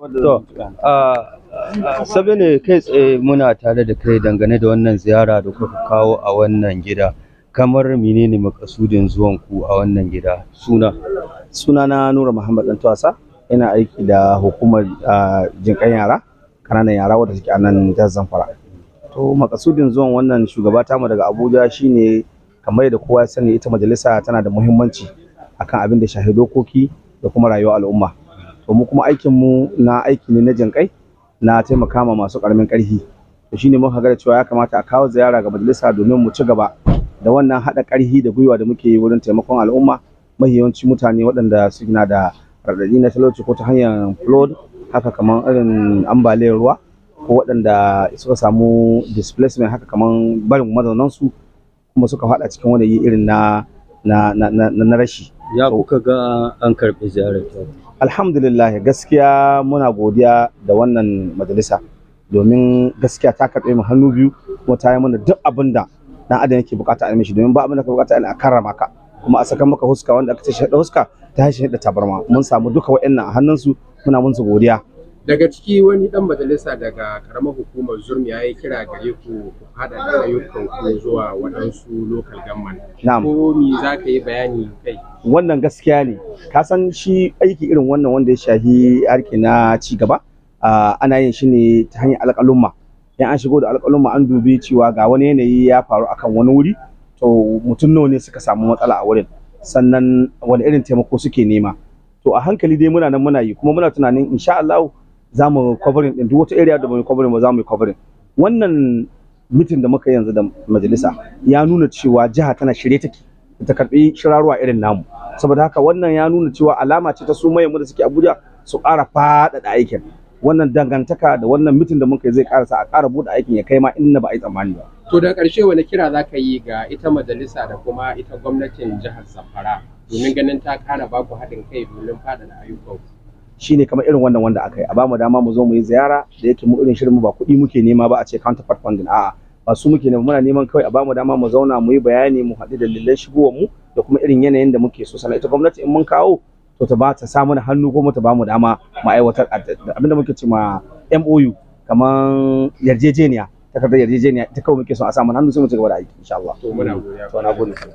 To, ne kai tsaye muna tare da kai dangane da wannan ziyara da kuka kawo a wannan gida. Kamar menene makasudin zuwan ku a wannan gida? Suna. Suna na Nura Muhammad Tuwasa, Ina aiki da hukumar jinƙan yara, ƙananan yara wadda suke a nan jihar Zamfara. To, makasudin zuwan wannan shugaba tamu daga Abuja shine kamar da kowa ya sani ita majalisa tana da muhimmanci akan abin da shahi dokoki da kuma rayuwar al'umma. to kuma aikin mu na aiki ne na jinkai na taimaka ma masu karamin karfi to shine muka ga cewa ya kamata a kawo ziyara ga majalisa domin mu ci gaba da wannan haɗa karfi da gwiwa da muke yi wurin taimakon al'umma mahiyawanci mutane waɗanda suna da raɗaɗi na talauci ko ta hanyar flood haka kamar irin ambaliyar ruwa ko waɗanda suka samu displacement haka kamar barin mazaunansu kuma suka faɗa cikin wani irin na na na rashi ya kuka ga an karɓi ziyarar alhamdulillah gaskiya muna godiya da wannan majalisa domin gaskiya ta karɓe mu hannu biyu kuma ta yi mana duk abin da dan adam yake bukata a mishi domin ba abin ka bukata a karrama ka kuma a saka maka huska wanda aka ce da huska ta hashi da tabarma mun samu duka wa'annan a su muna musu godiya daga ciki wani dan majalisa daga karamar hukumar zurmi ya yi kira gare ku ku haɗa ayyukan ku zuwa waɗansu local government na'am ko me za ka yi bayani kai wannan gaskiya ne ka san shi aiki irin wannan wanda ya shafi harki na ci gaba ana yin shi ne ta hanyar alƙalumma in an shigo da alƙalumma an dubi cewa ga wani yanayi ya faru akan wani wuri to mutum nawa ne suka samu matsala a wurin sannan wani irin taimako suke nema to a hankali dai muna nan muna yi kuma muna tunanin insha Allah za mu covering din duk wata area da mu covering ba za mu yi covering wannan meeting da muka yanzu da majalisa ya nuna cewa jiha tana shirye take ta karbi shirarwa irin namu saboda haka wannan ya nuna cewa alama ce ta su mayan da suke Abuja su ƙara faɗaɗa aikin wannan dangantaka da wannan mitin da muka yi zai ƙarasa a ƙara buɗe aikin ya kai ma inda ba a yi tsammani ba to da ƙarshe wani kira za ka yi ga ita majalisa da kuma ita gwamnatin jihar Zamfara domin ganin ta ƙara ba ku haɗin kai domin faɗaɗa ayyukan shine kamar irin wannan wanda aka yi a mu dama mu zo mu yi ziyara da yake mu irin shirin mu ba kuɗi muke nema ba a ce counterpart funding a'a masu su muke ne muna neman kawai a bamu dama mu zauna mu yi bayani mu haɗu dalilan shigowar mu da kuma irin yanayin da muke so sannan ita gwamnati in mun kawo to ta ba ta sa mana hannu ko ta bamu dama mu aiwatar abinda muke ce ma MOU kaman yarjejeniya takardar yarjejeniya ita kawai muke so a sa mana hannu sai mu ci gaba da aiki insha Allah to muna godiya to na gode